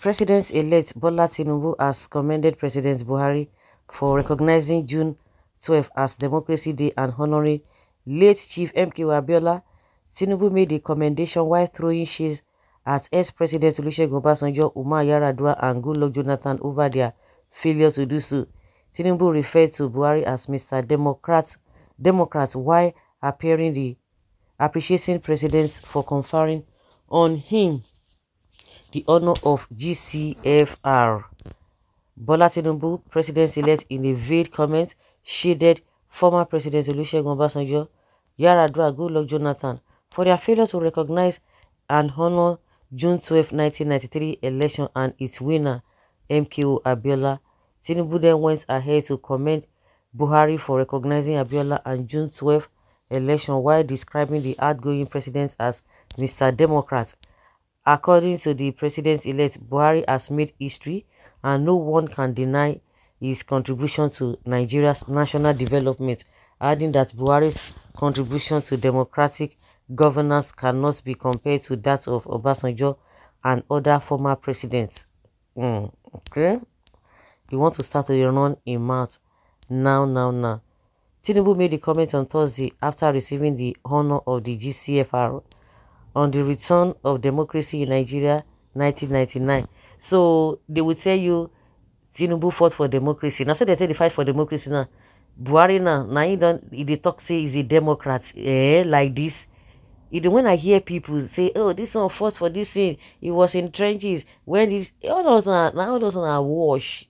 president-elect Bola Tinubu has commended President Buhari for recognizing June 12 as Democracy Day and honoring late Chief MK Abiola. Tinubu made the commendation while throwing shades at ex-president Olusegun Obasanjo, Umar Yar'Adua, and Goodluck Jonathan over their failure to do so. Tinubu referred to Buhari as Mr. Democrat, Democrat while appearing the appreciating president for conferring on him. the honor of GCFR. Bola Tinubu, president-elect in a veiled comment, shaded former President Olusegun Obasanjo, Yaradua Goodluck Jonathan for their failure to recognize and honor June 12, 1993 election and its winner, MKO Abiola. Tinubu then went ahead to commend Buhari for recognizing Abiola and June 12 election while describing the outgoing president as Mr. Democrat. According to the president-elect, Buhari has made history and no one can deny his contribution to Nigeria's national development, adding that Buhari's contribution to democratic governance cannot be compared to that of Obasanjo and other former presidents. Mm, okay? You want to start with your run in mouth. Now, now, now. Tinubu made the comment on Thursday after receiving the honor of the GCFR on the return of democracy in Nigeria 1999. So they will tell you Tinubu fought for democracy. Now so they tell they fight for democracy now. Buhari now, now he don't they talk say he's a Democrat. Eh, like this. Even when I hear people say, Oh, this one fought for this thing, he was in trenches. When this all those now all those are wash.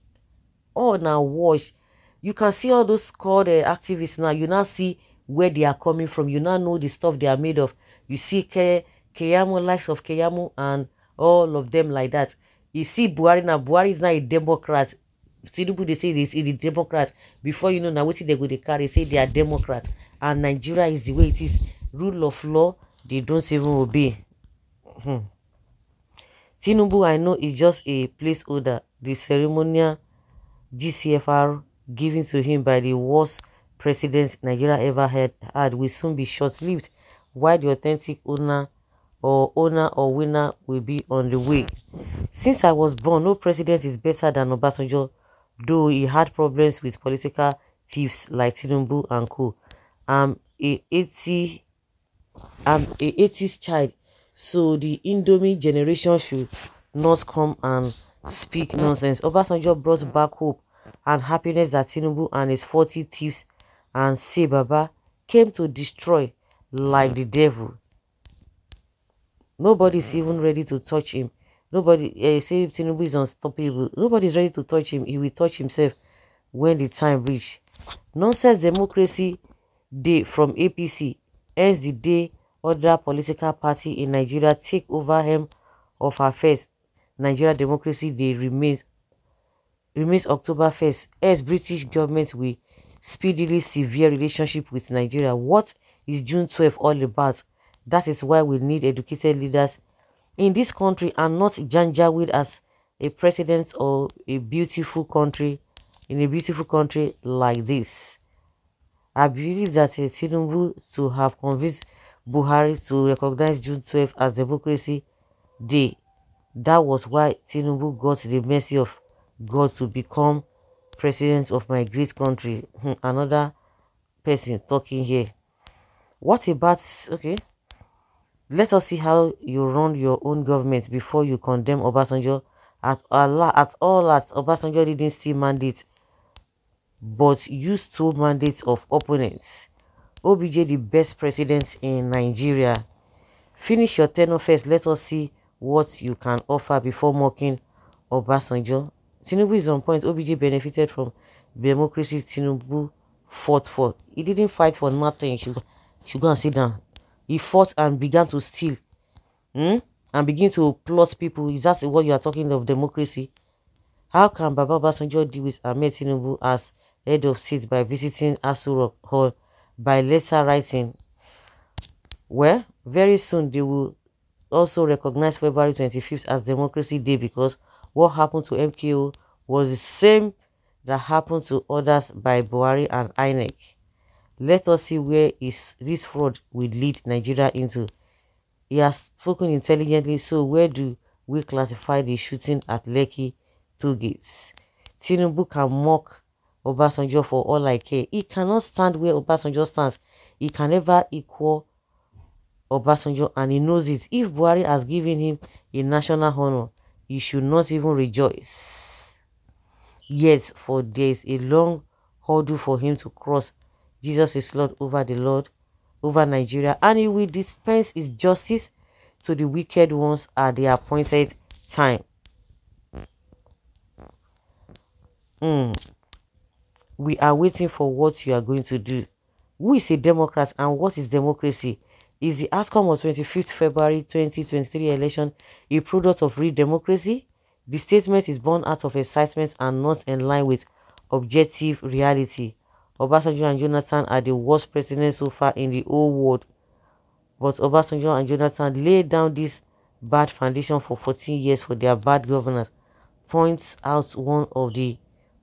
All now wash. You can see all those called uh, activists now. You now see where they are coming from. You now know the stuff they are made of. You see Ke, Keyamo, likes of Keyamo, and all of them like that. You see Buhari now. Buhari is now a Democrat. Tinubu, they say this is a Democrat. Before you know, now what they go they carry, say they are democrats, And Nigeria is the way it is. Rule of law, they don't even obey. Hmm. Tinubu, I know, is just a placeholder. The ceremonial GCFR given to him by the worst presidents Nigeria ever had, had will soon be short-lived, while the authentic owner or owner or winner will be on the way. Since I was born, no president is better than Obasanjo, though he had problems with political thieves like Tinubu and co. I'm a 80 I'm a 80s child, so the Indomie generation should not come and speak nonsense. Obasanjo brought back hope and happiness that Tinubu and his 40 thieves and say Baba came to destroy like the devil. Nobody's even mm. ready to touch him. Nobody, uh, say Tinubu is unstoppable. Nobody's ready to touch him. He will touch himself when the time reach. Nonsense democracy day from APC ends the day other political party in Nigeria take over him of affairs. Nigeria democracy day remains remains October 1st as British government will speedily severe relationship with Nigeria. What is June 12 all about? That is why we need educated leaders in this country and not Janjaweed as a president or a beautiful country in a beautiful country like this. I believe that uh, Tinubu to have convinced Buhari to recognize June 12 as Democracy Day. That was why Tinubu got the mercy of God to become president of my great country. Hmm, another person talking here. What about okay? Let us see how you run your own government before you condemn Obasanjo at Allah at all at Obasanjo didn't steal mandate but used two mandates of opponents. OBJ the best president in Nigeria. Finish your tenure first. Let us see what you can offer before mocking Obasanjo Tinubu is on point. OBJ benefited from democracy Tinubu fought for. He didn't fight for nothing. She, she go and sit down. He fought and began to steal. Hmm? And begin to plot people. Is that what you are talking of democracy? How can Baba Basanjo deal with Ahmed Tinubu as head of state by visiting Asura Hall by letter writing? Well, very soon they will also recognize February 25th as Democracy Day because what happened to MKO was the same that happened to others by Buhari and INEC. Let us see where is this fraud will lead Nigeria into. He has spoken intelligently, so where do we classify the shooting at Lekki two gates? Tinubu can mock Obasanjo for all I care. He cannot stand where Obasanjo stands. He can never equal Obasanjo and he knows it. If Buhari has given him a national honor, you should not even rejoice. Yet, for there is a long hurdle for him to cross. Jesus is Lord over the Lord, over Nigeria, and he will dispense his justice to the wicked ones at the appointed time. Mm. We are waiting for what you are going to do. Who is a Democrat and what is democracy? Is the outcome of 25th February 2023 election a product of real democracy? The statement is born out of excitement and not in line with objective reality. Obasanjo and Jonathan are the worst presidents so far in the whole world. But Obasanjo and Jonathan laid down this bad foundation for 14 years for their bad governance, points out one of the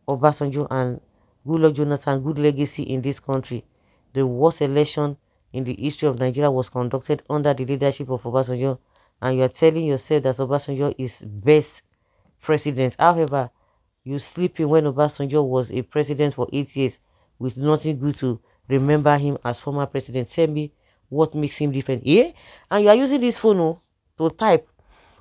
Obasanjo and Goodluck Jonathan good legacy in this country. The worst election in the history of Nigeria was conducted under the leadership of Obasanjo and you are telling yourself that Obasanjo is best president. However, you sleeping when Obasanjo was a president for eight years with nothing good to remember him as former president. Tell me what makes him different. Yeah? And you are using this phone oh, to type.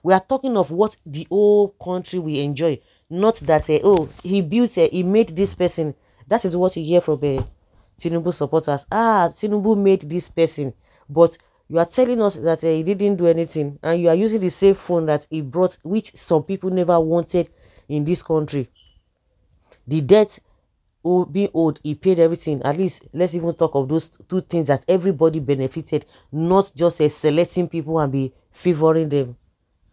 We are talking of what the whole country will enjoy. Not that, uh, oh, he built, uh, he made this person. That is what you hear from uh, Tinubu supporters, ah, Tinubu made this person, but you are telling us that uh, he didn't do anything, and you are using the same phone that he brought, which some people never wanted in this country. The debt being owed, he paid everything. At least, let's even talk of those two things that everybody benefited, not just uh, selecting people and be favoring them.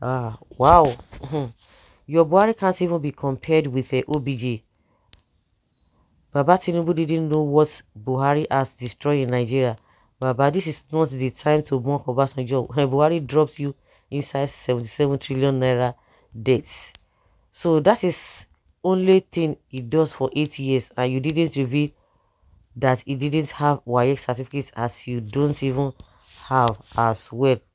Ah, wow. Your Buhari can't even be compared with uh, eh, OBG. Baba Tinubu didn't know what Buhari has destroyed in Nigeria. Baba, this is not the time to mock Obasanjo. Buhari drops you inside 77 trillion naira debts. So that is only thing he does for eight years and you didn't reveal that he didn't have YX certificates as you don't even have as well.